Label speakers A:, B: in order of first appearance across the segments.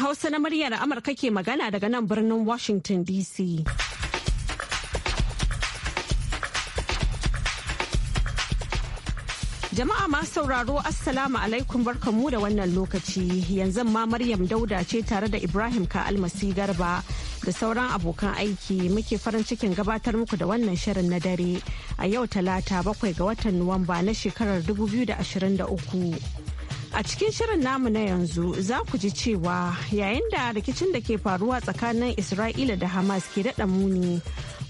A: Hausa na muryar Amurka ke magana daga nan birnin Washington DC. Jama'a ma sauraro Assalamu alaikum barkanmu da wannan lokaci yanzu ma Maryam Dauda ce tare da Ibrahim Ka'almasi Garba da sauran abokan aiki muke farin cikin gabatar muku da wannan shirin na dare a yau talata bakwai ga watan Nuwamba na shekarar 2023. A cikin shirin namu na yanzu za ku ji cewa yayin da rikicin da ke faruwa tsakanin Isra'ila da Hamas ke daɗa muni.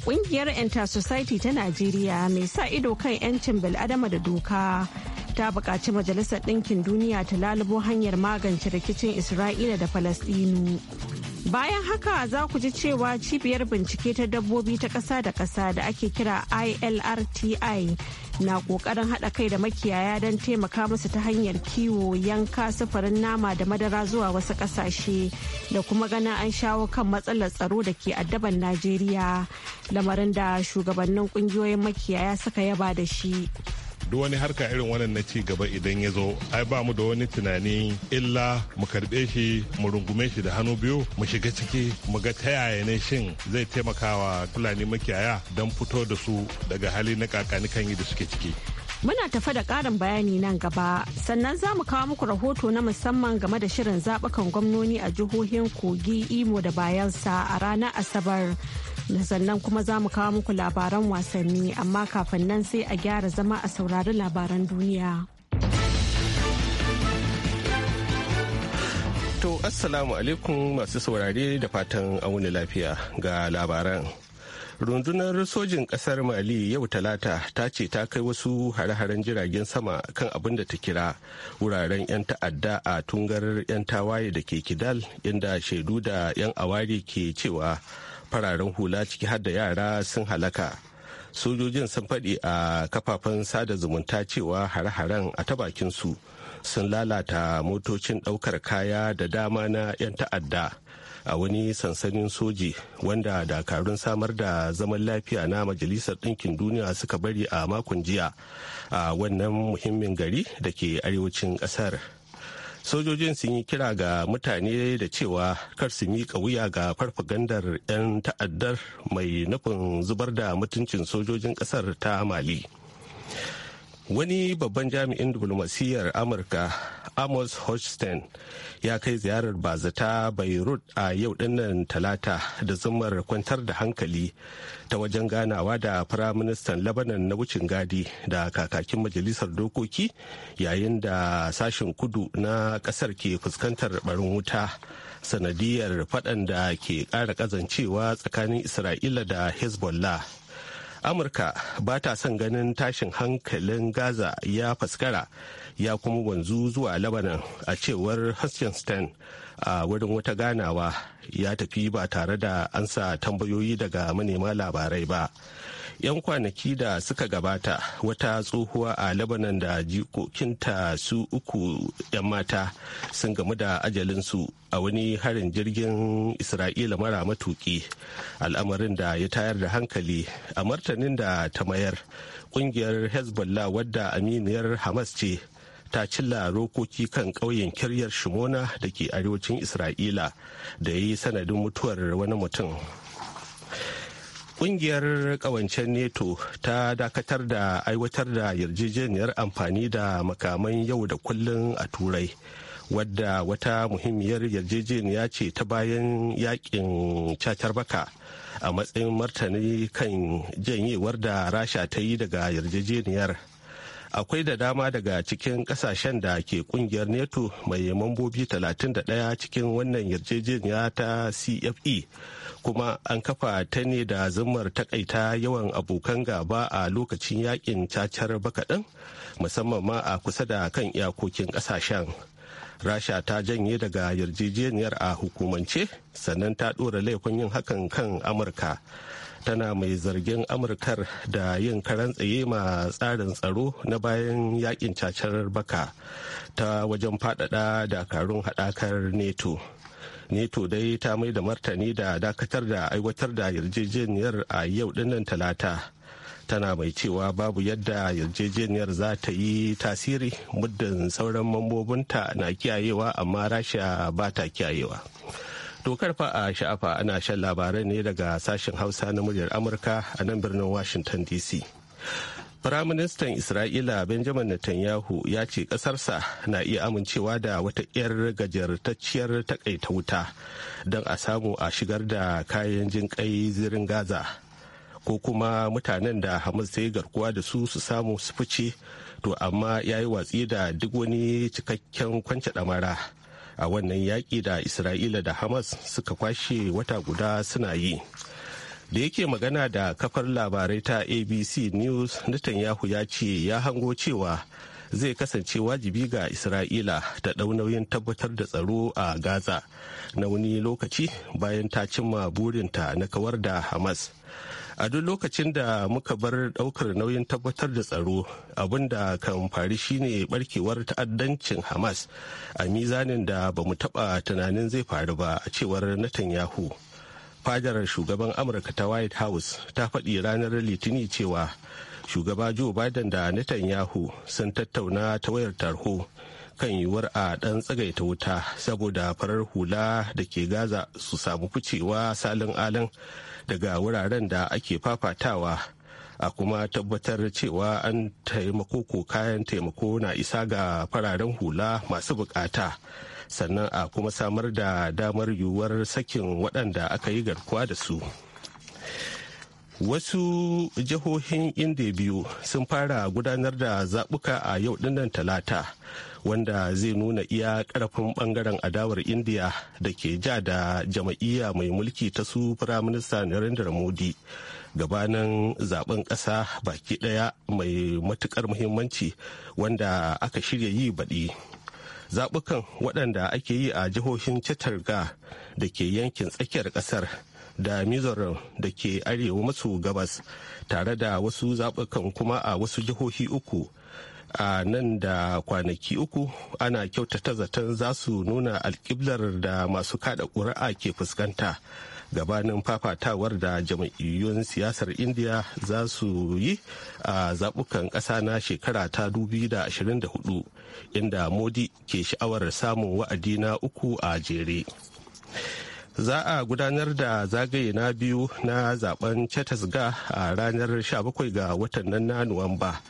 A: Ƙungiyar Enter Society ta Najeriya mai sa ido kan 'yancin bil'adama da doka ta buƙaci Majalisar Ɗinkin Duniya ta lalubo hanyar magance rikicin Isra'ila da Falasɗinu. Bayan haka za ku ji cewa cibiyar bincike ta dabbobi ta ƙasa da ƙasa da ake kira ILRTI na ƙoƙarin haɗa kai da makiyaya don taimaka musu ta hanyar kiwo yanka sufurin nama da madara zuwa wasu ƙasashe da kuma ganin an shawo kan matsalar tsaro da ke addaban Najeriya lamarin da shugabannin ƙungiyoyin makiyaya suka yaba da shi.
B: duk wani harka irin wannan na ci gaba idan ya zo ai ba mu da wani tunani illa mu karbe shi mu rungume shi da hannu biyu mu shiga ciki mu ga ta yaya ne shin zai taimakawa fulani makiyaya don fito da su daga hali na kakani kan yi da suke ciki
A: Muna tafa da ƙarin bayani nan gaba, sannan za mu kawo muku rahoto na musamman game da shirin zaɓukan gwamnoni a jihohin Kogi, Imo da bayansa a ranar Asabar. sannan kuma za mu kawo muku labaran wasanni amma kafin nan sai a gyara zama a saurari labaran duniya.
C: To Assalamu alaikum masu saurare da fatan wuni lafiya ga labaran. rundunar sojin kasar mali yau talata ta ce ta kai wasu hare-haren jiragen sama kan abin da ta kira wuraren 'yan ta'adda a tungar 'yan tawaye da ke kidal inda shaidu da 'yan awari ke cewa fararen hula ciki har da yara sun halaka sojojin sun faɗi a kafafen sada zumunta cewa hare haren a ta bakin su sun lalata motocin ɗaukar kaya da dama na 'yan ta'adda a wani sansanin soji wanda dakarun samar da zaman lafiya na majalisar ɗinkin duniya suka bari a makon jiya a wannan muhimmin gari da ke arewacin ƙasar. sojojin sun yi kira ga mutane da cewa kar su miƙa wuya ga farfagandar 'yan ta'addar mai nufin zubar da mutuncin sojojin ƙasar ta mali wani babban jami'in diplomasiyyar amurka amos hochstein ya kai ziyarar bazata beirut a yau dinnan talata da zumar kwantar da hankali ta wajen ganawa da firaministan lebanon na wucin gadi da kakakin majalisar dokoki yayin da sashen kudu na kasar ke fuskantar barin wuta sanadiyar faɗan da ke ƙara ƙazancewa tsakanin isra'ila da hezbollah amurka ba ta son ganin tashin hankalin gaza ya faskara ya kuma wanzu zuwa labanan a cewar hasken hutchinson a wurin wata ganawa ya tafi ba tare da ansa tambayoyi daga manema labarai ba 'yan kwanaki da suka gabata wata tsohuwa a labanan da jikokinta su uku 'yan mata sun gamu da ajalinsu a wani harin jirgin isra'ila mara matuki al'amarin da ya tayar da hankali a martanin da ta mayar kungiyar hezbollah wadda aminiyar hamas ce ta cilla rokoki kan ƙauyen kiryar shimona da ke arewacin isra'ila da ya yi sanadin mutuwar wani mutum ƙungiyar ƙawancen neto ta dakatar da aiwatar da yarjejeniyar amfani da makaman yau da kullun a turai wadda wata muhimmiyar yarjejeniya ce ta bayan yakin cacar baka a matsayin martani kan janyewar da rasha ta yi daga yarjejeniyar akwai da dama daga cikin kasashen da ke kungiyar neto mai mambobi 31 cikin wannan yarjejeniya ta cfe kuma an kafa ta ne da zumar takaita yawan abokan gaba a lokacin yakin cacar bakaɗin musamman ma a kusa da kan iyakokin ƙasashen rasha ta janye daga yarjejeniyar a hukumance sannan ta ɗora laifin yin hakan kan amurka tana mai zargin amurkar da yin karan tsaye ma tsarin tsaro na bayan yakin cacar baka ta wajen faɗaɗa dakarun haɗakar neto neto dai ta mai da martani da dakatar da aiwatar da yarjejeniyar a yau dinnan talata tana mai cewa babu yadda yarjejeniyar za ta yi tasiri muddin sauran mambobinta na kiyayewa amma rasha ba ta kiyayewa dokar fa a sha'afa ana shan labarai ne daga sashen hausa na muryar amurka a nan birnin washington dc Firaministan Isra'ila Benjamin Netanyahu ya ce ƙasarsa na iya amincewa da wata 'yar gajartacciyar takaita wuta don a samu a shigar da kayan jin kai zirin Gaza ko kuma mutanen da Hamas ta yi garkuwa da su su samu su fice to amma ya yi watsi da duk wani cikakken kwance damara. a wannan yaƙi da Isra'ila da Hamas suka kwashe wata guda suna yi. da yake magana da kafar labarai ta abc news netanyahu ya ce ya hango cewa zai kasance wajibi ga isra'ila ta ɗau nauyin tabbatar da tsaro a gaza na wani lokaci bayan ta cimma burinta na kawar da hamas a duk lokacin da muka bar ɗaukar nauyin tabbatar da tsaro abin da kan faru shine barkewar ta'addancin hamas a mizanin da ba mu taɓa tunanin zai faru ba a cewar netanyahu yahu fadar shugaban amurka ta white house ta faɗi ranar litinin cewa shugaba joe biden da netanyahu sun tattauna ta wayar tarho kan yiwuwar a ɗan tsagaita wuta saboda farar hula da ke gaza su samu ficewa salin alin daga wuraren da ake fafatawa a kuma tabbatar cewa an taimako ko kayan taimako na isa ga fararen hula masu bukata sannan a kuma samar da damar yiwuwar sakin waɗanda aka yi garkuwa da su wasu jihohin inda biyu sun fara gudanar da zaɓuka a yau dinnan talata wanda zai nuna iya karfin ɓangaren adawar indiya da ke ja da jama'iyya mai mulki ta su firaminista narendra modi gabanin zaben ƙasa baki ɗaya mai matuƙar muhimmanci wanda aka shirya yi baɗi zaɓukan waɗanda ake yi a jihohin Chitarga da ke yankin tsakiyar ƙasar da Mizoram da ke arewa maso gabas tare da wasu zaɓukan kuma a wasu jihohi uku. a nan da kwanaki uku ana kyautata zaton za su nuna alƙiblar da masu kada ƙuri'a ke fuskanta gabanin fafatawar da jam'iyyun siyasar indiya za su yi a zaɓukan ƙasa na shekara ta 2024 inda modi ke sha'awar samun wa'adi na uku a jere za a gudanar da zagaye na biyu na zaben ga a ranar 17 ga watan nan na nuwamba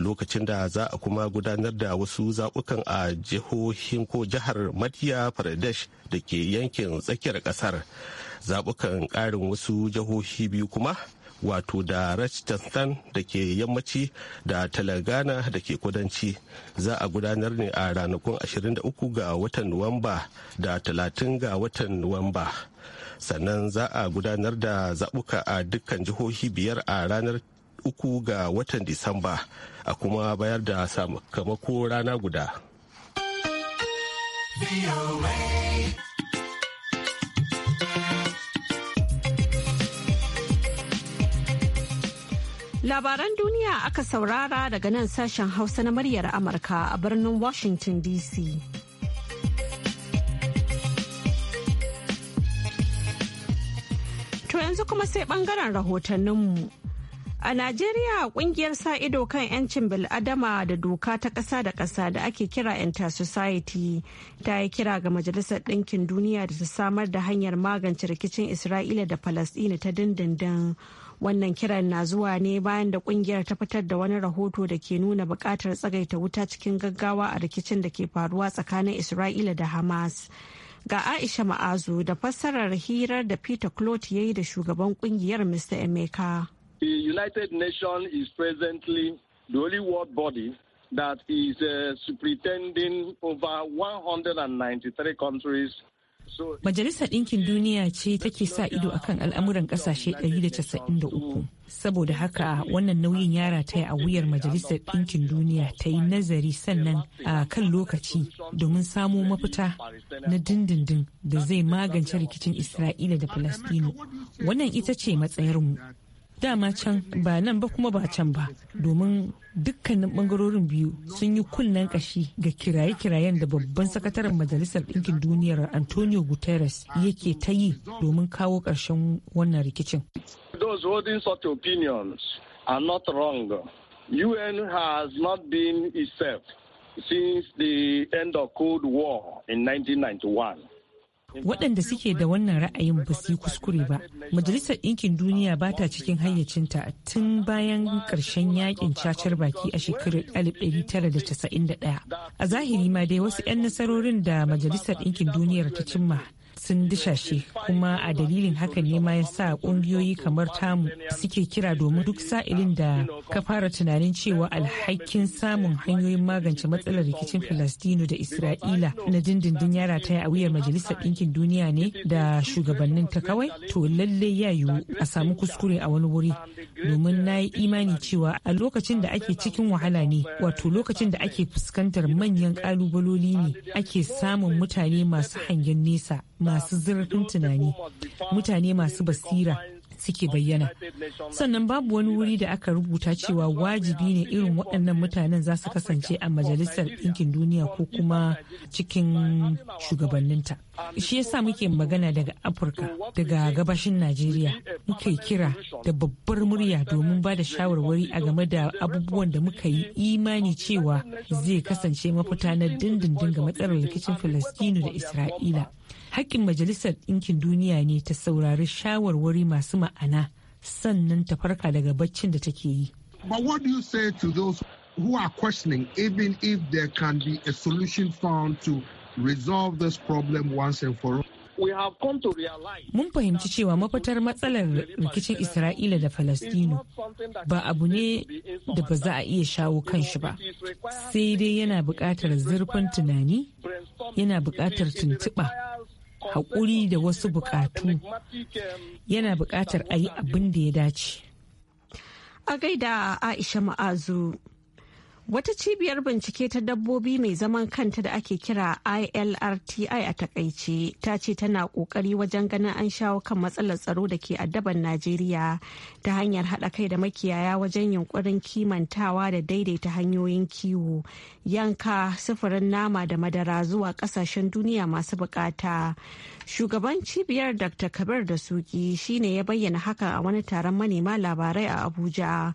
C: lokacin da za a kuma gudanar da wasu zaɓukan a jihohin ko jihar madhya pradesh da ke yankin tsakiyar ƙasar zaɓukan ƙarin wasu jihohi biyu kuma wato da rajasthan da ke yammaci da talagana da ke kudanci za a gudanar ne a ranakun 23 ga watan nuwamba da 30 ga watan nuwamba sannan za a gudanar da zabuka a dukkan jihohi biyar a ranar uku ga watan disamba a kuma bayar da sakamako rana guda.
A: Labaran duniya aka saurara daga nan sashen Hausa na muryar Amurka a birnin Washington DC. To yanzu kuma sai bangaren rahotanninmu. A Najeriya kungiyar sa ido kan 'yancin bil'adama da doka ta ƙasa da ƙasa da ake kira Enter Society ta yi kira ga Majalisar Ɗinkin Duniya da ta samar da hanyar magance rikicin Isra'ila da Falasɗina ta dindindin. Wannan kiran na zuwa ne bayan da kungiyar ta fitar da wani rahoto da ke nuna bukatar tsagaita wuta cikin gaggawa a rikicin da ke faruwa tsakanin Isra'ila da Hamas. Ga Aisha Ma'azu da fassarar hirar da Peter Clot ya yi da shugaban kungiyar Mr. Emeka.
C: The United Nations is presently the only world body that is uh, superintending over
D: 193 countries
E: Majalisar Ɗinkin Duniya ce take sa ido akan al'amuran ƙasashe 193. Saboda haka wannan nauyin yara ta yi a wuyar Majalisar Ɗinkin Duniya ta yi nazari sannan a kan lokaci domin samo mafita na dindindin da zai magance rikicin Isra'ila da falasɗinu Wannan ita ce matsayarmu. dama can ba nan ba kuma ba can ba domin dukkanin bangarorin biyu sun yi kunnen kashi ga kiraye-kirayen da babban sakataren majalisar ɗinkin duniyar antonio guterres yake ta yi domin kawo ƙarshen wannan rikicin
D: those holding such opinions are not wrong
B: un has not been itself since the end of cold war in 1991
E: waɗanda suke da wannan ra'ayin ba su yi kuskure ba majalisar ɗinkin duniya ba ta cikin hayyacinta tun bayan ƙarshen yakin cacar baki a shekarar 1991 a zahiri ma dai wasu 'yan nasarorin da majalisar ɗinkin duniyar ta cimma sun dishashe kuma a dalilin haka ne ma ya sa kungiyoyi kamar tamu suke kira domin duk sa'ilin da ka fara tunanin cewa alhakin samun hanyoyin magance matsalar rikicin filastino da isra'ila na dindindin yara ta a wuyar majalisar ɗinkin duniya ne da shugabannin ta kawai to lalle ya yiwu a samu kuskure a wani wuri domin na yi imani cewa a lokacin da ake cikin wahala ne wato lokacin da ake fuskantar manyan ƙalubaloli ne ake samun mutane masu hangen nesa masu zurfin tunani mutane masu basira suke bayyana sannan babu wani wuri da aka rubuta cewa wajibi ne irin waɗannan mutanen za su kasance a majalisar ɗinkin duniya ko kuma cikin shugabanninta shi yasa muke magana daga afirka daga gabashin najeriya muke kira da babbar murya domin ba da shawarwari a game da abubuwan da muka yi imani cewa zai kasance mafita na dindindin ga matsalar rikicin filistinu da isra'ila Hakkin Majalisar Ɗinkin Duniya ne ta saurari shawarwari masu ma'ana sannan ta farka daga baccin da take yi.
F: But what do you say
G: to those who are questioning even if there can be a solution found to resolve this problem once and for all? Mun fahimci cewa mafitar
E: matsalar rikicin Isra'ila da Falastinu ba abu ne da ba za a iya shawo kanshi ba, sai dai yana buƙatar zurfin tunani, yana buƙatar tuntuɓa haƙuri da wasu buƙatu yana buƙatar a yi abin da ya dace. A gaida Aisha Ma'azu.
A: Wata cibiyar bincike ta dabbobi mai zaman kanta da ake kira ILRTI a takaice ta ce tana kokari wajen ganin an shawo kan matsalar tsaro da ke addaban Najeriya ta hanyar haɗa kai da makiyaya wajen yunkurin kimantawa da daidaita hanyoyin kiwo, yanka, sufurin nama da madara zuwa ƙasashen duniya masu bukata. Shugaban cibiyar Dr. Kabir da Suki shine ya bayyana hakan a wani taron manema labarai a Abuja.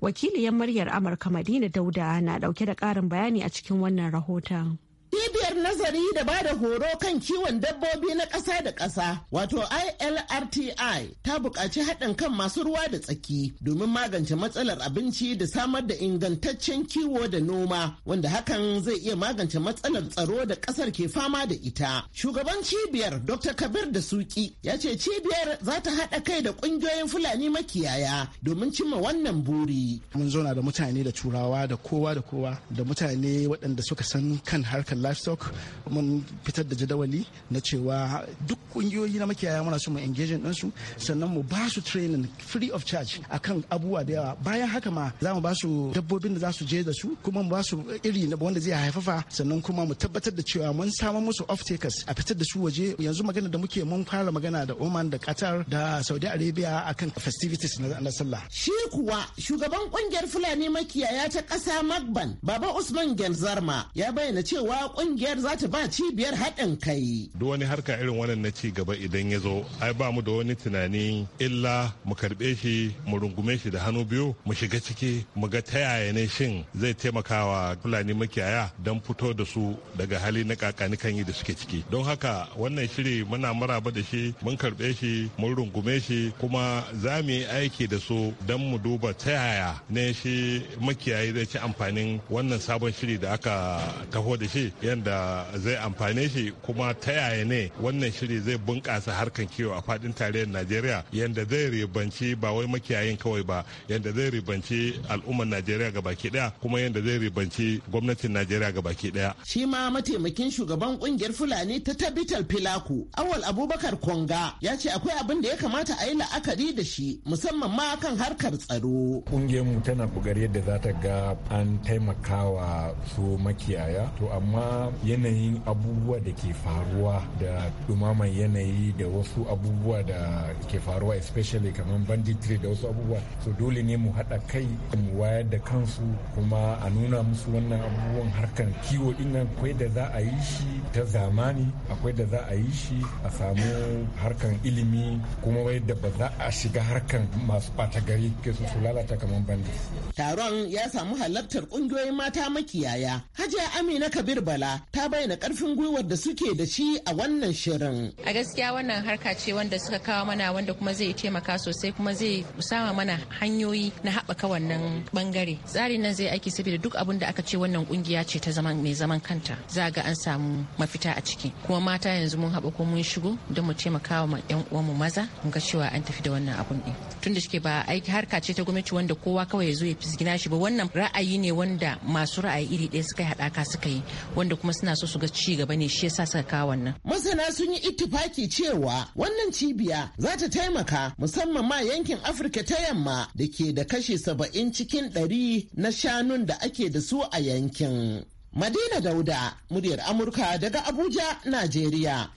A: wakiliyar muryar amurka madina dauda na dauke da karin bayani a cikin wannan rahoton
F: Cibiyar nazari da ba da horo kan kiwon dabbobi na ƙasa da ƙasa wato ILRTI ta buƙaci haɗin kan masu ruwa da tsaki domin magance matsalar abinci da samar da ingantaccen kiwo da noma wanda hakan zai iya magance matsalar tsaro da ƙasar ke fama da ita. Shugaban cibiyar Dr. Kabir da Suki ya ce cibiyar za ta haɗa kai da ƙungiyoyin Fulani makiyaya domin cimma wannan buri. Mun zauna da mutane da turawa da kowa da kowa da mutane waɗanda suka san kan harkar harkar livestock
H: mun fitar da jadawali na cewa duk kungiyoyi na makiyaya muna so mu engaging su sannan mu ba su training free of charge akan abubuwa da yawa bayan haka ma za mu ba su dabbobin da za su je da su kuma mu ba su iri na wanda zai haifafa sannan kuma mu tabbatar da cewa mun samar musu off takers a fitar da su waje yanzu magana da muke mun fara magana da Oman da Qatar
F: da Saudi Arabia akan festivities
I: na sallah
F: shi kuwa shugaban kungiyar Fulani makiyaya ta kasa Magban Baba Usman Genzarma ya bayyana cewa kungiyar za ta ba cibiyar haɗin kai.
B: Duk wani harka irin wannan na ci gaba idan ya zo ai ba mu da wani tunani illa mu karɓe shi mu rungume shi da hannu biyu mu shiga ciki mu ga ta yaya ne shin zai taimakawa Fulani makiyaya don fito da su daga hali na kan yi da suke ciki. Don haka wannan shiri muna maraba da shi mun karɓe shi mun rungume shi kuma za mu yi aiki da su don mu duba ta yaya ne shi makiyayi zai ci amfanin wannan sabon shiri da aka taho da shi yadda zai amfane shi kuma ta yaya ne wannan shiri zai bunƙasa harkan kiwo a faɗin tarayyar najeriya yadda zai ribanci ba wai makiyayin kawai ba yadda zai ribanci al'ummar najeriya ga baki ɗaya kuma yadda zai ribanci gwamnatin najeriya ga baki daya
F: shi ma mataimakin shugaban kungiyar fulani ta tabital filaku awal abubakar konga ya ce akwai abin da ya kamata a yi la'akari da shi musamman ma kan harkar tsaro. mu tana bugar yadda za ta
G: ga an taimakawa su makiyaya to amma yanayin abubuwa da ke faruwa da dumaman yanayi da wasu abubuwa da ke faruwa especially kamar banditry da wasu abubuwa so dole ne mu haɗa kai mu wayar da kansu kuma a nuna musu wannan abubuwan harkar kiwo din nan akwai da za a yi shi ta zamani akwai da za a yi shi a samu harkar ilimi kuma wai da ba za a shiga harkar masu ɓata gari ke su su lalata kamar bandit.
F: Taron ya samu halartar ƙungiyoyin mata makiyaya. Hajiya Amina Kabir Bala Murtala ta bayyana karfin gwiwar da suke da shi a wannan shirin.
E: A gaskiya wannan harka ce wanda suka kawo mana wanda kuma zai taimaka sosai kuma zai sama mana hanyoyi na haɓaka wannan bangare. Tsarin nan zai aiki saboda duk abin da aka ce wannan kungiya ce ta zaman mai zaman kanta. Za ga an samu mafita a ciki. Kuma mata yanzu mun haɓa ko mun shigo don mu taimaka wa ƴan uwanmu maza mun ga cewa an tafi da wannan abun din. Tun da shike ba aiki harka ce ta gwamnati wanda kowa kawai ya zo ya fisgina shi ba wannan ra'ayi ne wanda masu ra'ayi iri ɗaya suka yi haɗaka suka yi. wanda kuma suna so su ga ci gaba ne shi yasa suka kawo wannan
F: masana sun yi ittifaki cewa wannan cibiya za ta taimaka musamman ma yankin afirka ta yamma da ke da kashe saba'in cikin ɗari na shanun da ake da su a yankin madina dauda muryar amurka daga abuja najeriya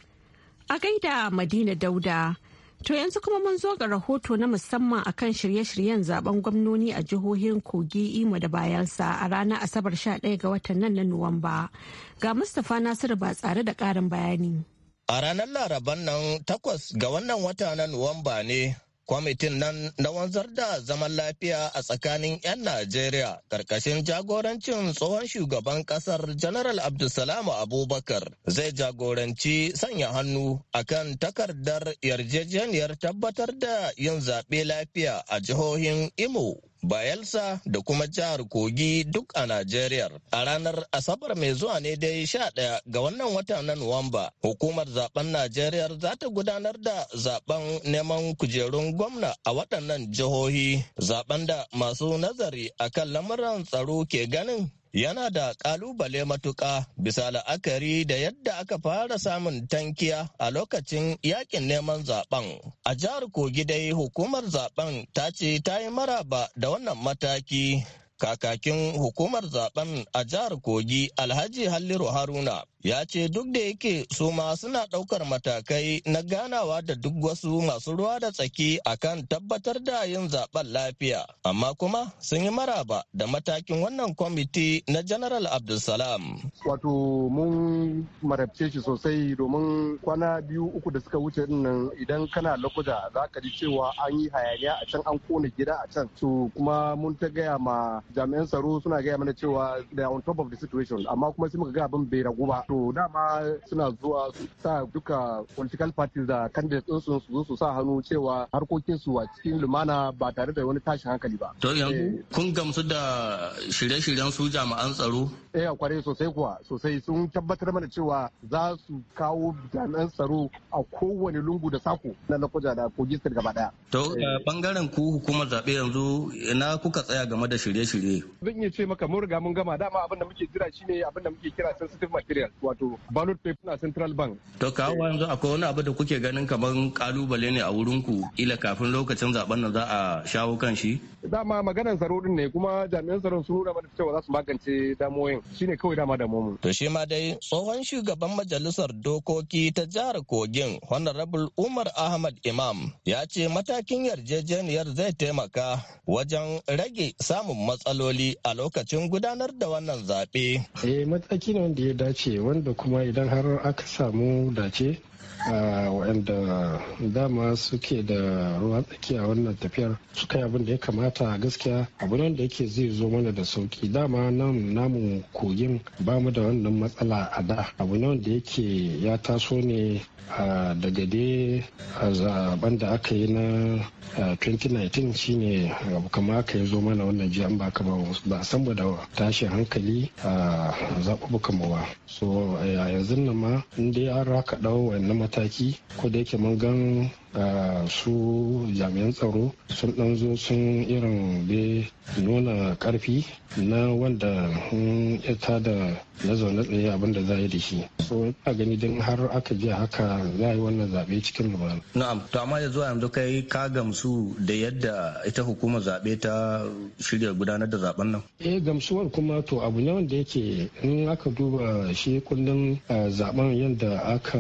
A: a gaida madina dauda To yanzu kuma mun zo ga rahoto na musamman akan shirye-shiryen zaben gwamnoni a jihohin Kogi, Imo da bayansa a ranar Asabar 11 ga watan nan na Nuwamba. Ga Mustapha Nasiru ba tsare da ƙarin bayani.
D: A ranar Laraban nan takwas ga wannan wata na Nuwamba ne kwamitin nan na wanzar da zaman lafiya a tsakanin 'yan Najeriya ƙarƙashin jagorancin tsohon shugaban ƙasar Janaral Abdulsalam Abubakar zai jagoranci sanya hannu akan takardar yarjejeniyar tabbatar da yin zaɓe lafiya a jihohin Imo, Bayelsa da kuma jihar Kogi duk a Najeriya. A ranar Asabar mai zuwa ne dai sha ɗaya ga wannan wata na Nuwamba, hukumar zaben Najeriya za ta gudanar da zaben neman kujerun gwamna a waɗannan jihohi, zaben da masu nazari akan lamuran tsaro ke ganin yana da ƙalubale matuƙa bisa la'akari da yadda aka fara samun tankiya a lokacin yakin neman zaben. A jihar Kogi dai hukumar zaben ta ce ta yi maraba da wannan mataki kakakin hukumar zaben a jihar kogi alhaji halliru haruna ya ce duk da yake su ma suna ɗaukar matakai na ganawa da duk wasu masu ruwa da tsaki akan tabbatar da yin zaben lafiya amma kuma sun yi maraba da matakin wannan kwamiti na general abdulsalam wato mun marabce shi sosai domin kwana biyu uku da suka wuce nan idan kana lokuta
F: za ka ji
C: cewa
D: an yi hayaniya a can an kona gida a
C: can To kuma mun ta gaya ma jami'an tsaro suna gaya mana cewa they are on top of the situation amma kuma sai muka ga abin bai ragu ba to dama suna zuwa sa duka political parties da candidates
D: din su zo su sa
C: hannu cewa
F: harkokin su a cikin lumana ba tare da wani tashin hankali ba
D: to yanzu eh. kun gamsu da shirye-shiryen su jami'an tsaro eh kware sosai kuwa sosai sun tabbatar mana cewa za
G: su kawo jami'an tsaro a kowane lungu da sako na lakoja da kogi gaba daya
D: to bangaren ku hukumar zabe yanzu ina kuka tsaya game da shirye-shirye ne.
G: Zan iya
B: ce maka mun riga mun gama dama abin da muke jira shine abin da muke kira sensitive
D: material wato
B: ballot paper na
G: central bank.
D: To kawo yanzu akwai wani abu da kuke ganin kamar kalubale ne a wurin ku ila kafin lokacin zaben nan za a shawo kan shi. Dama maganar tsaro din ne kuma jami'an tsaron sun nuna mana cewa za su magance damoyin shine kawai dama da mu. To shi ma dai tsohon shugaban majalisar dokoki ta jihar Kogin Honorable Umar Ahmad Imam ya ce matakin yarjejeniyar zai taimaka wajen rage samun matsala matsaloli a lokacin gudanar da wannan zaɓe.
I: Eh mataki ne wanda ya dace wanda kuma idan har aka samu dace waɗanda dama suke da ruwa tsakiya wannan tafiyar su yi abin da ya kamata gaskiya abu ne da yake zai zo mana da sauki dama nan namun kogin ba mu da wannan matsala a da abu ne wanda yake ya taso ne daga a zaben da aka yi na 2019 shine abu kama aka yi zo mana wannan jiya ba kama ba san da tashin hankali a zaɓuɓɓukan ba so yanzu nan ma in an raka ɗau wannan mataki ko da yake mun gan su jami'an tsaro sun dan zo sun irin be nuna karfi na wanda ita da na zaune tsaye abin da za yi da shi so ina gani don har aka je haka za yi wannan zaɓe cikin lumana.
D: na'am to amma zuwa yanzu kai ka gamsu da yadda ita hukuma zaɓe ta shirya gudanar da zaɓen nan.
I: eh gamsuwar kuma to abu ne wanda yake in aka duba shi kullum eh, zaɓen yadda aka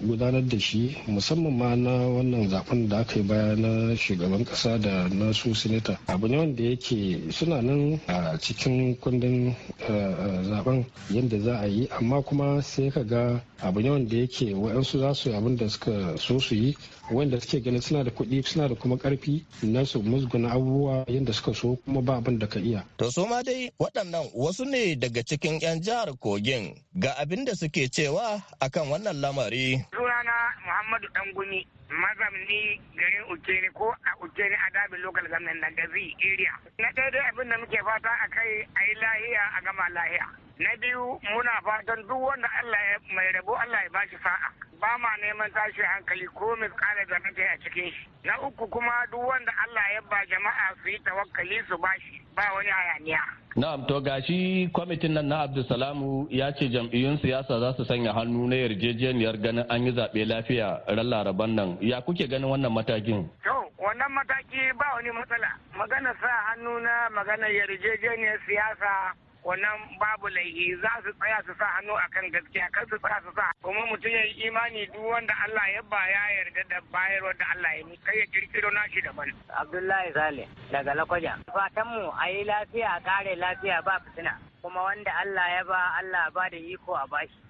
I: gudanar da shi musamman ma na wannan zaben da aka yi baya na shugaban kasa da na su sinita abu ne wanda yake suna nan a cikin kundin eh, eh, zaben yadda za a yi amma kuma sai ka ga abu ne wanda yake waɗansu za su abin da suka so su yi wanda suke ganin suna da kuɗi suna da kuma ƙarfi na su musguna abubuwa yadda suka so kuma ba abin da ka iya.
D: To su ma dai waɗannan wasu ne daga cikin 'yan jihar Kogin ga abin da suke cewa akan wannan lamari.
G: Sunana Muhammadu Dangumi mazamni garin Ukeni ko a Ukeni a dabi local gamnan na Gazi area. Na daidai abin da muke fata a kai a yi lahiya a gama lahiya. Na biyu muna fatan duk wanda Allah ya mai rabo Allah ya bashi sa'a. Ba ma neman tashi hankali ko mai kare da a cikin shi. Na uku kuma duk wanda Allah ya ba jama'a su yi tawakkali su ba shi, ba wani hayaniya.
D: Na'am to gashi kwamitin nan na Abdulsalamu ya ce jam'iyyun siyasa za su sanya hannu na yarjejeniyar ganin an yi zaɓe lafiya ran laraban nan ya kuke ganin wannan matakin
I: to
G: wannan mataki ba wani matsala magana sa hannu na magana yarjejeniyar siyasa wannan babu laihi za su tsaya su sa hannu akan gaskiya kan su tsaya su sa kuma mutum ya yi imani duk wanda Allah ya ba ya yarda da bayar wanda Allah ya kai ya kirkiro nashi daban
E: Abdullahi Sale daga Lakwaja fatan mu a yi lafiya a kare lafiya ba fitina kuma wanda Allah ya ba Allah ba da iko a bashi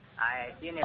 E: shi ne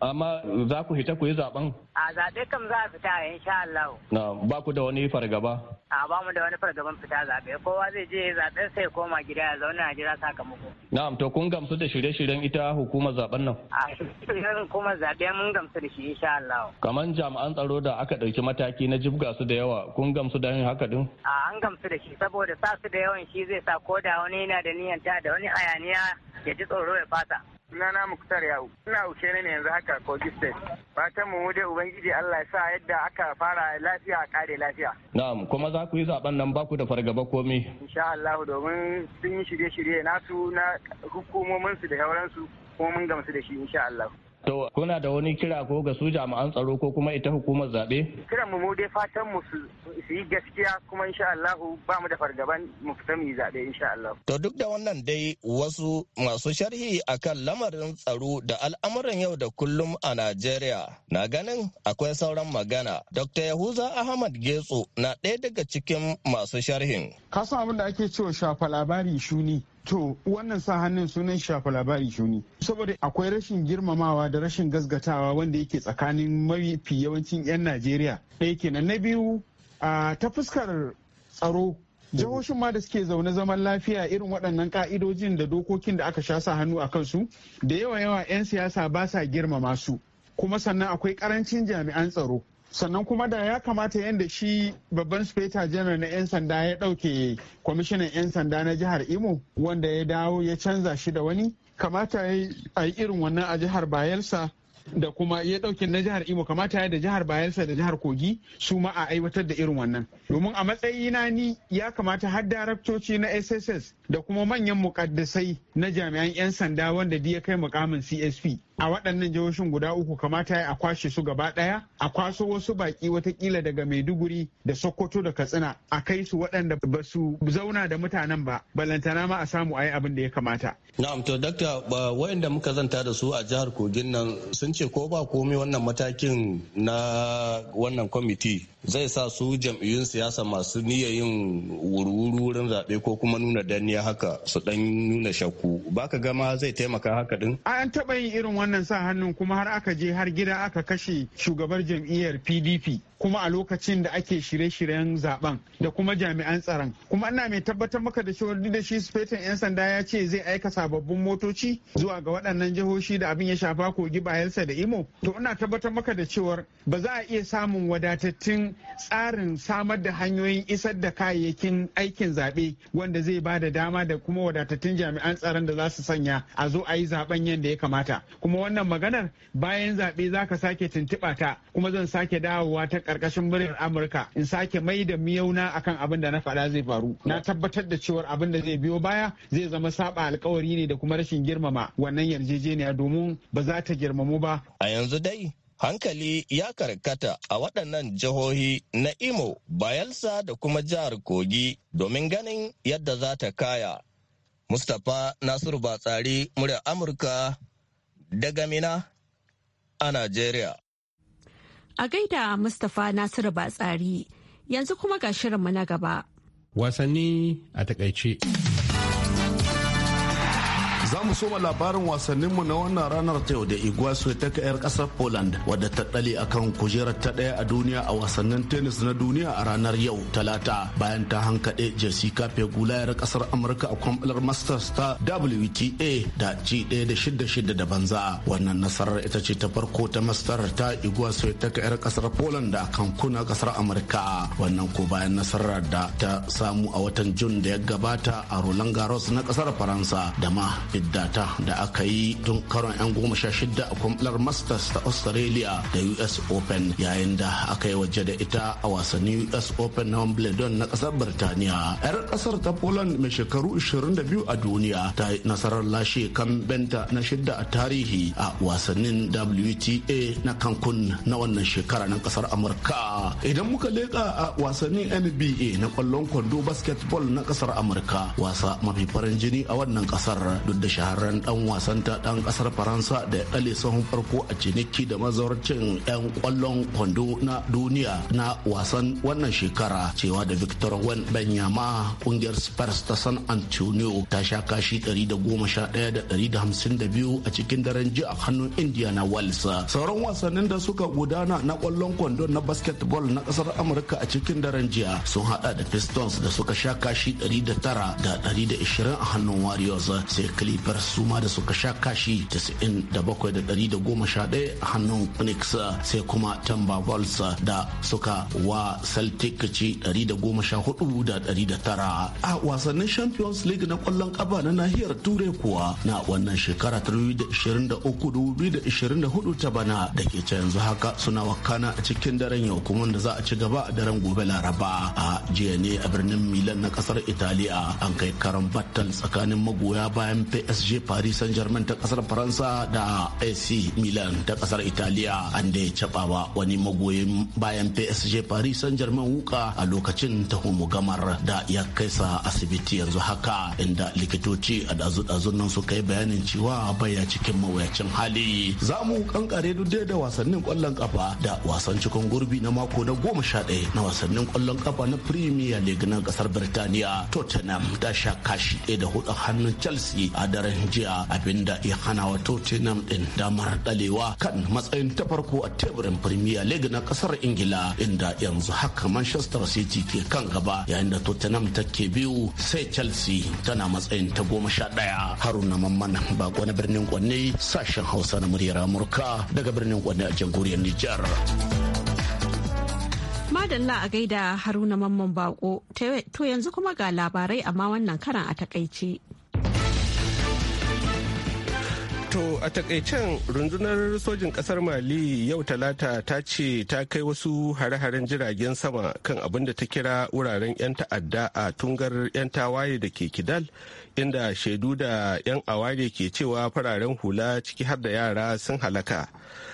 D: amma za ku fita ku yi zaben
E: a zaɓe kam za a fita a insha Allah
D: na ba ku da wani fargaba
E: a ba mu da wani fargaban fita zaɓe kowa zai je zaɓen sai koma gida ya zauna a jira sakamako
D: na'am to kun gamsu da shirye-shiryen ita hukumar zaben nan
E: a shirye-shiryen hukumar zaɓe mun gamsu da shi insha Allah
D: kaman jami'an tsaro da aka ɗauki mataki na jibga su da yawa kun gamsu da yin haka din
E: a an gamsu da shi saboda sa su da yawan shi zai sa ko da wani yana da niyyanta da wani hayaniya
G: ya ji tsoro ya fasa sunana muktar yau ina ushe ne yanzu haka kogi state fatan mu dai ubangiji allah ya sa yadda aka fara lafiya a kare lafiya
D: na'am kuma za ku yi zaben nan baku da fargaba komai
G: insha allah domin sun yi shirye-shirye su na hukumomin su da sauransu kuma mun gamsu da shi insha allah
D: To kuna da wani kira ko ga su jami'an tsaro ko kuma ita hukumar zaɓe?
G: Kiran mu dai fatan mu su yi gaskiya kuma insha Allah ba mu da fargaban mu fita mu yi zaɓe insha Allah.
D: To duk da wannan dai wasu masu sharhi akan lamarin tsaro da al'amuran yau da kullum a Najeriya na ganin akwai sauran magana. Dr. Yahuza Ahmad Getso na ɗaya daga cikin masu sharhin.
G: Kasan abin da ake cewa shafa labari shuni. to wannan sa hannun sunan shafa labari shuni saboda akwai rashin girmamawa da rashin gasgatawa wanda yake tsakanin mafi yawancin 'yan najeriya ɗaya kenan na biyu ta fuskar tsaro jihohin ma da suke zaune zaman lafiya irin waɗannan ka'idojin da dokokin da aka sha sa hannu a kansu da yawa yawa 'yan siyasa ba sa girmama su kuma sannan akwai karancin jami'an tsaro sannan kuma da ya kamata yadda shi babban speta general na 'yan sanda ya dauke kwamishinan 'yan sanda na jihar imo wanda ya dawo ya canza shi da wani kamata a yi irin wannan a jihar bayelsa da kuma ya ɗauke na jihar imo kamata ya da jihar bayelsa da jihar kogi su ma a aiwatar da irin wannan domin a matsayi na ni ya kamata har daraktoci na sss da kuma manyan mukaddasai na jami'an 'yan sanda wanda ya kai mukamin csp a waɗannan jihohin guda uku kamata ya a kwashe su gaba ɗaya a kwaso wasu baƙi watakila daga maiduguri da sokoto da katsina a kai su waɗanda ba su zauna da mutanen ba balantana ma a samu ayi yi abin da ya kamata.
D: na'am to dakta wayanda muka zanta da su a jihar kogin nan sun ce ko ba komai wannan matakin na wannan kwamiti zai sa su jam'iyyun siyasa masu niyyar yin wuri wurin zaɓe ko kuma nuna danniya haka su ɗan nuna shakku baka gama zai taimaka haka din.
G: an taba yin irin wannan sa hannun kuma har aka je har gida aka kashe shugabar jam'iyyar pdp kuma a lokacin da ake shirye-shiryen zaben da kuma jami'an tsaron kuma ana mai tabbatar maka da cewa duk da shi sufetin 'yan sanda ya ce zai aika sababbin motoci zuwa ga waɗannan jihohi da abin ya shafa kogi bayansa da imo to ina tabbatar maka da cewar ba za a iya samun wadatattun tsarin samar da hanyoyin isar da kayayyakin aikin zaɓe wanda zai ba da dama da kuma wadatattun jami'an tsaron da za su sanya a zo a yi zaben yadda ya kamata kuma kuma wannan maganar bayan zaɓe za ka sake tuntuɓa ta kuma zan sake dawowa ta ƙarƙashin muryar amurka in sake mai da miyauna akan abin da na faɗa zai faru na tabbatar da cewar abin da zai biyo baya zai zama saɓa alkawari ne da kuma rashin girmama wannan yarjejeniya domin ba za ta girmamu ba
D: a yanzu dai hankali ya karkata a waɗannan jihohi na imo bayelsa da kuma jihar kogi domin ganin yadda za ta kaya mustapha nasiru batsari muryar amurka daga Mina a Najeriya.
A: A gaida Mustapha Nasiru Batsari yanzu kuma ga shirinmu na gaba.
D: Wasanni a takaice.
H: soma labarin wasanninmu na wannan ranar ta yau da Iguazu ta yar kasar Poland wadda ta dale akan kujerar ta daya a duniya a wasannin tennis na duniya a ranar yau talata bayan ta hankaɗe Jessica Pegula yar kasar Amurka a kwamfalar Masters ta WTA da g daya da shida shidda da banza. Wannan nasarar ita ce ta farko ta Masters ta Iguazu ta yar kasar Poland da kuna kasar Amurka. Wannan ko bayan nasarar da ta samu a watan Jun da ya gabata a Roland Garros na kasar Faransa da ma fidda wadata da aka yi tun karon 'yan goma sha shida a kwamfular masters ta australia da us open yayin da aka yi waje da ita a wasannin us open na wimbledon na kasar birtaniya 'yar kasar ta poland mai shekaru 22 a duniya ta yi nasarar lashe benta na shida a tarihi a wasannin wta na kankun na wannan shekara na kasar amurka idan muka leka a wasannin nba na kwallon kwando basketball na kasar amurka wasa mafi farin jini a wannan kasar duk da shahara taron dan wasan ta dan kasar faransa da ya dale sahun farko a ciniki da mazaurcin yan kwallon kwando na duniya na wasan wannan shekara cewa da victor wan benyama kungiyar spurs ta san antonio ta sha kashi 111-152 a cikin daren ji a hannun indiana wales sauran wasannin da suka gudana na kwallon kwando na basketball na kasar amurka a cikin daren jiya sun hada da pistons da suka sha kashi 109 da 120 a hannun warriors sai clippers su ma da suka sha kashi 97.11 a hannun phoenix sai kuma tamba vols da suka wa celtic ci 114.9 a wasannin champions league na kwallon kaba na nahiyar turai kuwa na wannan shekara 2023-2024 ta bana da ke can yanzu haka suna wakana a cikin daren yau kuma da za a ci gaba a daren gobe laraba a jiya ne a birnin milan na kasar italiya an kai karan battle tsakanin magoya bayan psg PSG Paris Saint-Germain ta kasar Faransa da AC Milan ta kasar Italiya an da ya ba wani magoyin bayan PSG Paris Saint-Germain wuka a lokacin ta gamar da ya kai sa asibiti yanzu haka inda likitoci a dazu-dazun nan suka yi bayanin cewa baya cikin mawuyacin hali za mu kankare duk da wasannin kwallon kafa da wasan cikin gurbi na mako na goma sha ɗaya na wasannin kwallon kafa na Premier League na kasar Birtaniya Tottenham ta sha kashi ɗaya da hudu hannun Chelsea a daren daren jiya abinda ya hana wa Tottenham din damar dalewa kan matsayin ta farko a teburin Premier League na kasar Ingila inda yanzu haka Manchester City ke kan gaba yayin da Tottenham take biyu sai Chelsea tana matsayin ta goma sha ɗaya Haruna Mamman bako na birnin Kwanne sashen Hausa na muryar Amurka daga birnin Kwanne a jamhuriyar Nijar.
A: Madalla a gaida Haruna Mamman Bako, to yanzu kuma ga labarai amma wannan karan a takaice.
C: To a takaicen rundunar sojin kasar Mali yau talata ta ce ta kai wasu hare-haren jiragen sama kan abin da ta kira wuraren 'yan ta'adda a tungar 'yan tawaye da ke Kidal inda shaidu da 'yan aware ke cewa fararen hula ciki har da yara sun halaka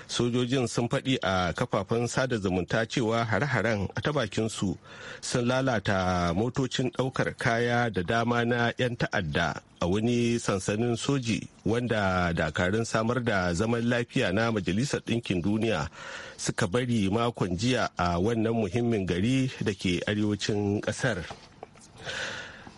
C: sojojin sun faɗi a kafafen sada zumunta cewa hare-haren a ta bakinsu sun lalata motocin ɗaukar kaya da dama na 'yan ta'adda a wani sansanin soji wanda dakarun samar da zaman lafiya na majalisar ɗinkin duniya suka bari makon jiya a wannan muhimmin gari da ke arewacin ƙasar.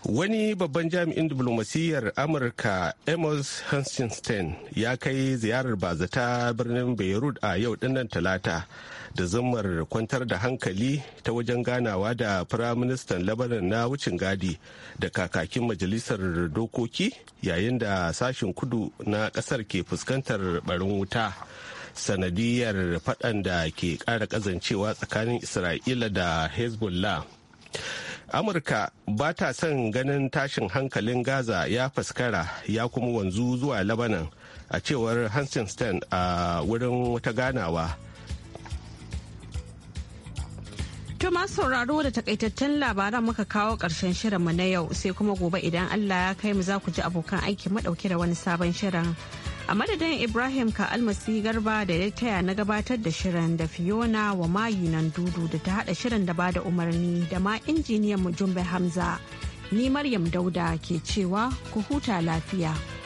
C: wani babban jami'in diplomasiyyar amurka amos hansenstein ya kai ziyarar bazata birnin beirut a yau dinnan talata da zammar kwantar da hankali ta wajen ganawa da firaministan labaran na wucin gadi da kakakin majalisar dokoki yayin da sashen kudu na kasar ke fuskantar barin wuta sanadiyar faɗan da ke ƙara ƙazancewa tsakanin isra'ila da hezbollah amurka ba ta son ganin tashin hankalin gaza ya faskara ya kuma wanzu zuwa labanan a cewar hansenstein a wurin wata ganawa
A: tuma sauraro da takaitaccen labaran muka kawo ƙarshen shirinmu na yau sai kuma gobe idan Allah ya kai mu za ku ji abokan aiki madauki da wani sabon shirin. a madadin ibrahim ka almasi garba da ya taya na gabatar da shirin da fiona wa mayu nan dudu da ta haɗa shirin da ba da umarni da ma injiniyan mu jumbe hamza ni maryam dauda ke cewa ku huta lafiya.